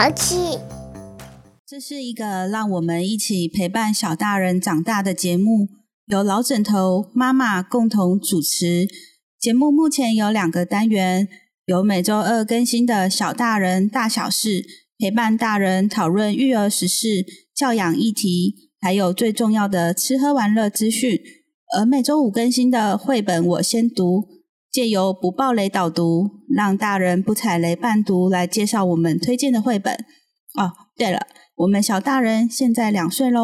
淘氣，這是一個讓我們一起陪伴小大人長大的節目，由老枕頭媽馬共同主持。節目目前有兩個單元，有每周二更新的《小大人大小事》，陪伴大人討論育兒時事、教養議題，還有最重要的吃喝玩樂資訊。而每周五更新的繪本，我先讀。借由不暴雷導讀，讓大人不踩雷伴讀來介紹我們推薦的繪本。哦，對了，我們小大人現在兩歲嘍，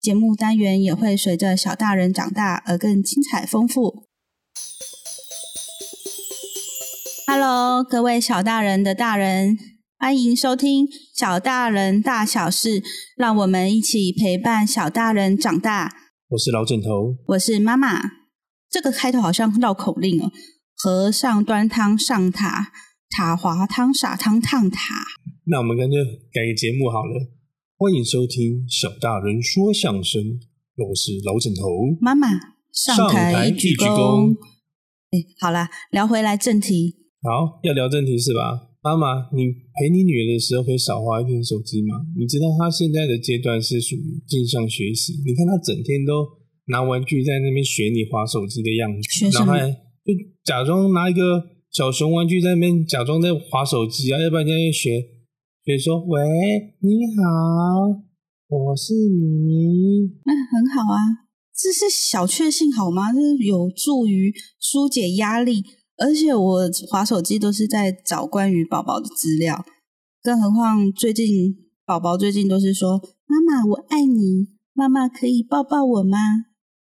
節目單元也會隨着小大人長大而更精彩豐富。Hello，各位小大人的大人，歡迎收聽《小大人大小事》，讓我們一起陪伴小大人長大。我是老枕頭，我是媽馬。這個開頭好像繞口令哦。和尚端湯上塔，塔滑湯灑湯燙塔。那我們乾脆改個節目好了。歡迎收聽小大人說相聲，我是老枕頭。媽媽上台鞠躬。哎，好了，聊回來正題。好，要聊正題是吧？媽媽，你陪你女兒的時候可以少滑一點手機嗎？你知道她現在的階段是屬於鏡像學習。你看她整天都拿玩具在那邊學你滑手機的樣子，學然後。就假裝拿一個小熊玩具在那邊假裝在滑手機啊，要不然人家就學，學說喂你好，我是你，那很好啊，這是小確幸好嗎？這、就是有助於疏解壓力，而且我滑手機都是在找關於寶寶的資料，更何況最近寶寶最近都是說媽媽我愛你，媽媽可以抱抱我嗎？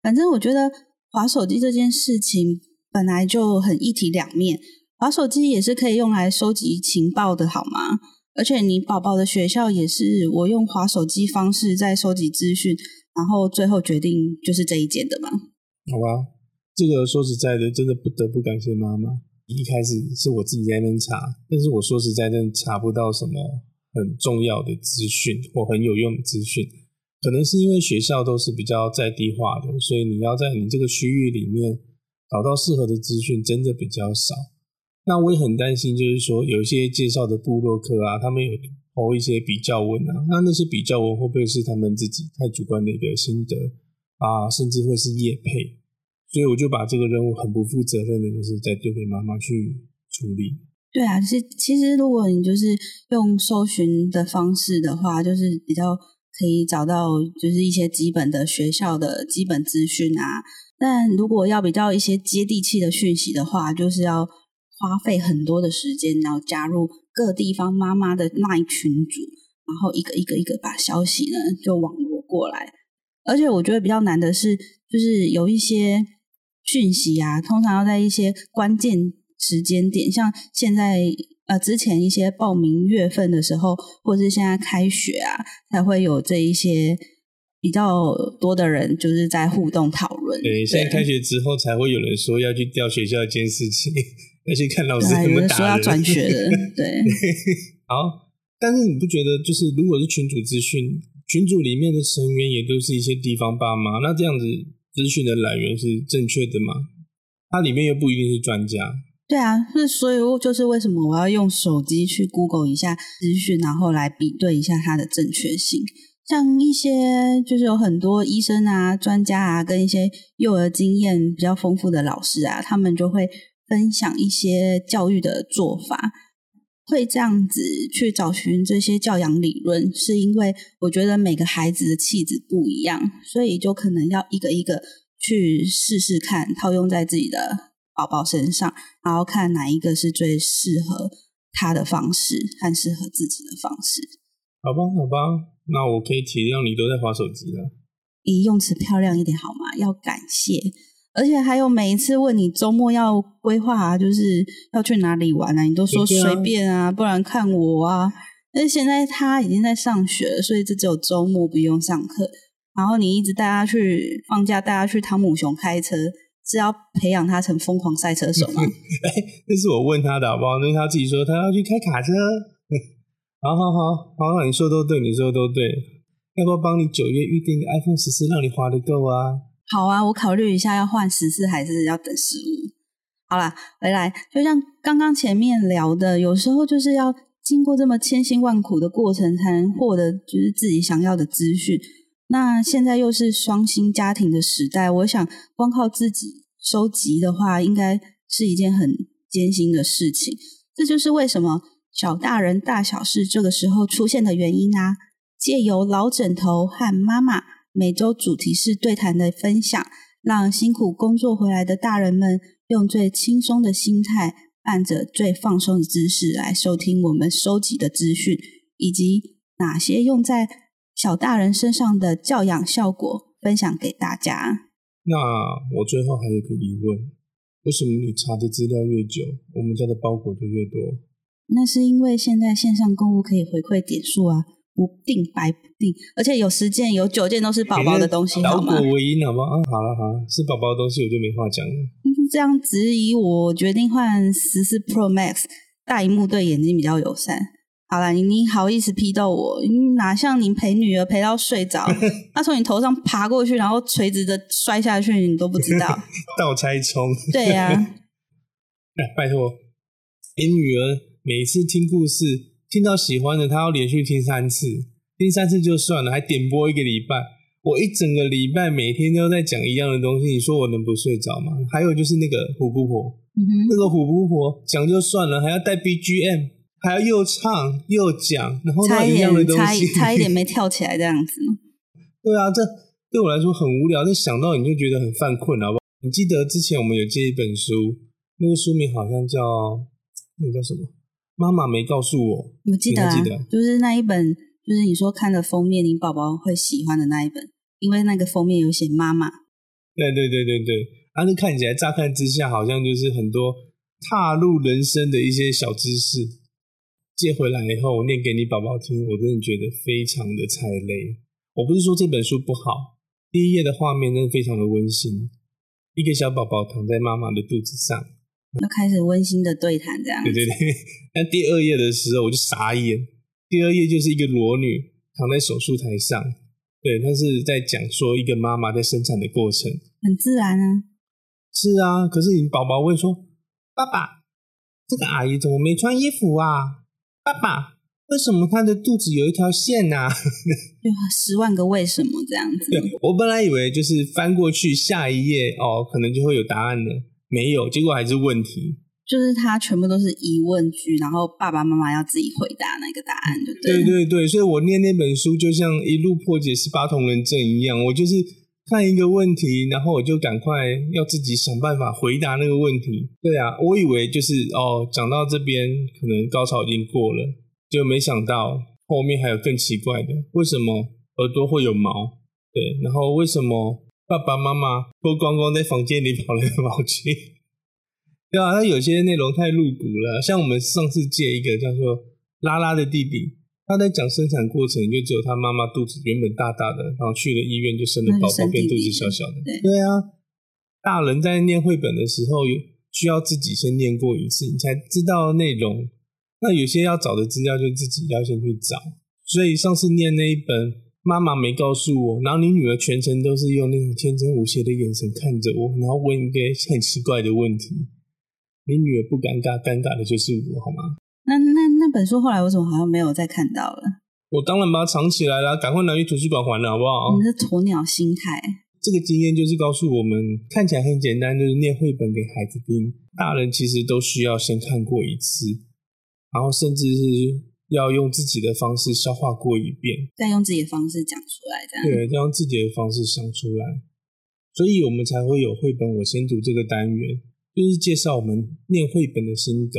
反正我覺得滑手機這件事情。本來就很一體兩面，滑手機也是可以用來收集情報的，好嗎？而且你寶寶的學校也是我用滑手機方式在收集資訊，然後最後決定就是這一件的嗎？好吧，這個說實在的，真的不得不感謝媽媽。一開始是我自己在那邊查，但是我說實在的，查不到什麼很重要的資訊或很有用的資訊，可能是因為學校都是比較在地化的，所以你要在你這個區域裡面。找到適合的資訊真的比較少，那我也很擔心，就是說有一些介紹的部落客啊，他們有 PO 一些比較文啊，那那些比較文會不會是他們自己太主觀的一個心得啊，甚至會是業配？所以我就把這個任務很不負責任的，就是再丟給媽媽去處理。對啊、就是，其實如果你就是用搜尋的方式的話，就是比較可以找到就是一些基本的學校的基本資訊啊。但如果要比較一些接地氣的訊息的話，就是要花費很多的時間，然後加入各地方媽媽的那一群組，然後一個一個一個把消息呢就網羅過來。而且我覺得比較難的是，就是有一些訊息啊，通常要在一些關鍵時間點，像現在呃之前一些報名月份的時候，或是現在開學啊，才會有這一些比較多的人就是在互動討論。對，現在開學之後才會有人說要去調學校監視器，要去看老師怎麼打人。說要轉學的，對。好，但是你不覺得，就是如果是群組資訊，群組裡面的成員也都是一些地方爸媽，那這樣子資訊的來源是正確的嗎？它裡面又不一定是專家。對啊，那所以就是為什麼我要用手機去 Google 一下資訊，然後來比對一下它的正確性。像一些就是有很多醫生啊、專家啊，跟一些幼兒經驗比較豐富的老師啊，他們就會分享一些教育的做法。會這樣子去找尋這些教養理論，是因為我覺得每個孩子的氣質不一樣，所以就可能要一個一個去試試看，套用在自己的寶寶身上，然後看哪一個是最適合他的方式和適合自己的方式。好吧，好吧，那我可以體諒你都在滑手機了。你用詞漂亮一點好嗎？要感謝，而且還有每一次問你周末要規劃、啊，就是要去哪裡玩啊，你都說隨便啊，啊，不然看我啊。但是現在他已經在上學了，所以這只有周末不用上課。然後你一直帶他去放假，帶他去湯姆熊開車，是要培養他成瘋狂賽車手嗎？哎、 欸，那是我問他的，好不好？那他自己說他要去開卡車。好好好，好，好，你說都對，你說都對。要不要幫你九月預定 iPhone 十四，讓你花得夠啊？好啊，我考慮一下，要換十四還是要等十五？好啦，回來，就像剛剛前面聊的，有時候就是要經過這麼千辛萬苦的過程，才能獲得就是自己想要的資訊。那現在又是雙薪家庭的時代，我想光靠自己收集的話，應該是一件很艱辛的事情。這就是為什麼。小大人大小事，這個時候出現的原因啊，借由老枕頭和媽馬每周主題式對談的分享，讓辛苦工作回來的大人們用最輕鬆的心態，伴着最放鬆的姿勢來收聽我們收集的資訊，以及哪些用在小大人身上的教養效果分享給大家。那我最後還有個疑問：為什麼你查的資料越久，我們家的包裹就越多？那是因為現在線上購物可以回饋點數啊，不定白不定，而且有十件有九件都是寶寶的東西，好、欸、嘛？好嗎？好不好？啊，好了好了，是寶寶的東西我就沒話講了。嗯、這樣質疑我，決定換十四 Pro Max 大熒幕，對眼睛比較友善。好了，你你好意思批鬥我、嗯？哪像你陪女兒陪到睡着，她 從你頭上爬過去，然後垂直的摔下去，你都不知道倒栽蔥。 衝，對呀、啊哎，拜託，你、哎、女兒。每次聽故事，聽到喜歡的，他要連續聽三次，聽三次就算了，還點播一個禮拜。我一整個禮拜每天都在講一樣的東西，你說我能不睡着嗎？還有就是那個虎姑婆，那個虎姑婆講就算了，還要帶 BGM，還要又唱又講，然後他一樣的東西差，差一點沒跳起來這樣子。 對啊，這對我來說很無聊，但想到你就覺得很犯困，好不好？你記得之前我們有借一本書，那個書名好像叫……那個叫什麼？媽媽沒告訴我，我記得啊，你記得啊，就是那一本，就是你說看的封面，你寶寶會喜歡的那一本，因為那個封面有寫媽媽。對對對對對，啊，那看起來乍看之下好像就是很多踏入人生的一些小知識。借回來以後，我念給你寶寶聽，我真的覺得非常的踩雷。我不是說這本書不好，第一頁的畫面真的非常的溫馨，一個小寶寶躺在媽媽的肚子上。要開始溫馨的對談，這樣子。對對對，那第二頁的時候我就傻眼，第二頁就是一個裸女躺在手術台上。對，他是在講說一個媽媽在生產的過程，很自然啊。是啊，可是你寶寶會說：“爸爸，這個阿姨怎麼沒穿衣服啊？”爸爸，為什麼她的肚子有一條線呢？對啊， 十萬個為什麼這樣子。我本來以為就是翻過去下一頁哦，可能就會有答案了。沒有，結果還是問題。就是他全部都是疑問句，然後爸爸媽媽要自己回答那個答案，對不對？對對對，所以我念那本書就像一路破解十八銅人陣一樣，我就是看一個問題，然後我就趕快要自己想辦法回答那個問題。對啊，我以為就是哦，講到這邊可能高潮已經過了，就沒想到後面還有更奇怪的。為什麼耳朵會有毛？對，然後為什麼？爸爸媽媽脫光光在房間裡跑來跑去， 對啊，那有些內容太露骨了。像我們上次借一個叫做《拉拉》的弟弟，他在講生產過程，就只有他媽媽肚子原本大大的，然後去了醫院就生了寶寶，變肚子小小的。對啊，大人在念繪本的時候，有需要自己先念過一次，你才知道內容。那有些要找的資料，就自己要先去找。所以上次念那一本。媽媽沒告訴我，然後你女兒全程都是用那種天真無邪的眼神看着我，然後問一個很奇怪的問題。你女兒不尷尬，尷尬的就是我，好嗎？那那那本書後來我怎麼好像沒有再看到了？我當然把它藏起來了，趕快拿去圖書館還了，好不好？你的鴕鳥心態。這個經驗就是告訴我們，看起來很簡單，就是念繪本給孩子聽，大人其實都需要先看過一次，然後甚至是。要用自己的方式消化過一遍，再用自己的方式講出來，這樣對，再用自己的方式想出來，所以我們才會有繪本，我先讀這個單元，就是介紹我們念繪本的心得，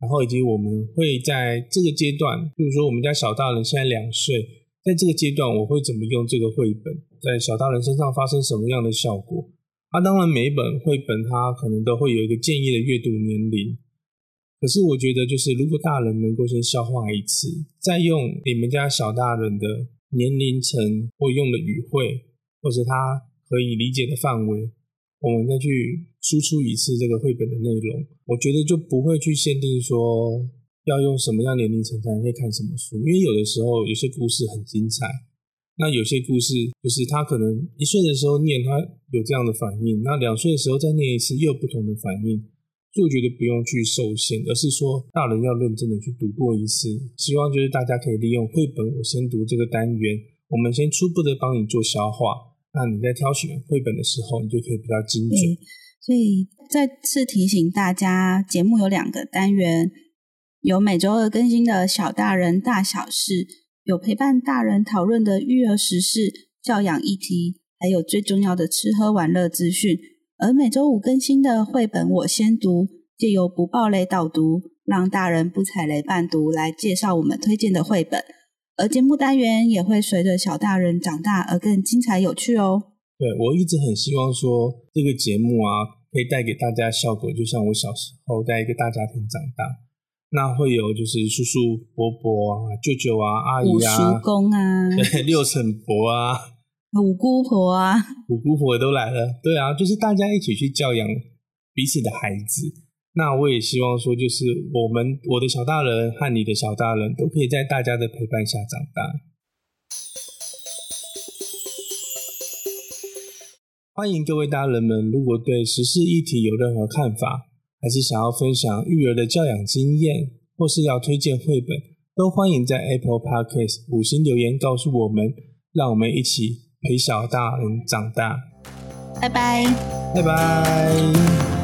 然後以及我們會在這個階段，比如說我們家小大人現在兩歲，在這個階段我會怎麼用這個繪本，在小大人身上發生什麼樣的效果？啊，當然每一本繪本它可能都會有一個建議的閱讀年齡。可是我覺得，就是如果大人能夠先消化一次，再用你們家小大人的年齡層或用的語彙，或者他可以理解的範圍，我們再去輸出一次這個繪本的內容，我覺得就不會去限定說要用什麼樣的年齡層才能看什麼書。因為有的時候有些故事很精彩，那有些故事就是他可能一歲的時候念他有這樣的反應，那兩歲的時候再念一次又有不同的反應。就覺得不用去受限，而是說大人要認真的去讀過一次。希望就是大家可以利用繪本，我先讀這個單元，我們先初步的幫你做消化。那你在挑選繪本的時候，你就可以比較精準。所以再次提醒大家，節目有兩個單元：有每周二更新的小大人大小事，有陪伴大人討論的育兒時事、教養議題，還有最重要的吃喝玩樂資訊。而每週五更新的繪本，我先讀，藉由不暴雷導讀，讓大人不踩雷伴讀來介紹我們推薦的繪本，而節目單元也會隨着小大人長大而更精彩有趣哦。對，我一直很希望說這個節目啊，可以帶給大家效果，就像我小時候在一個大家庭長大，那會有就是叔叔、伯伯啊、舅舅啊、阿姨啊、叔公啊、 六嬸伯啊。五姑婆啊，五姑婆都來了，對啊，就是大家一起去教養彼此的孩子。那我也希望說，就是我們我的小大人和你的小大人，都可以在大家的陪伴下長大。歡迎各位大人們，如果對時事議題有任何看法，還是想要分享育兒的教養經驗，或是要推薦繪本，都歡迎在 Apple Podcast 五星留言告訴我們，讓我們一起。陪小大人長大，拜拜，拜拜。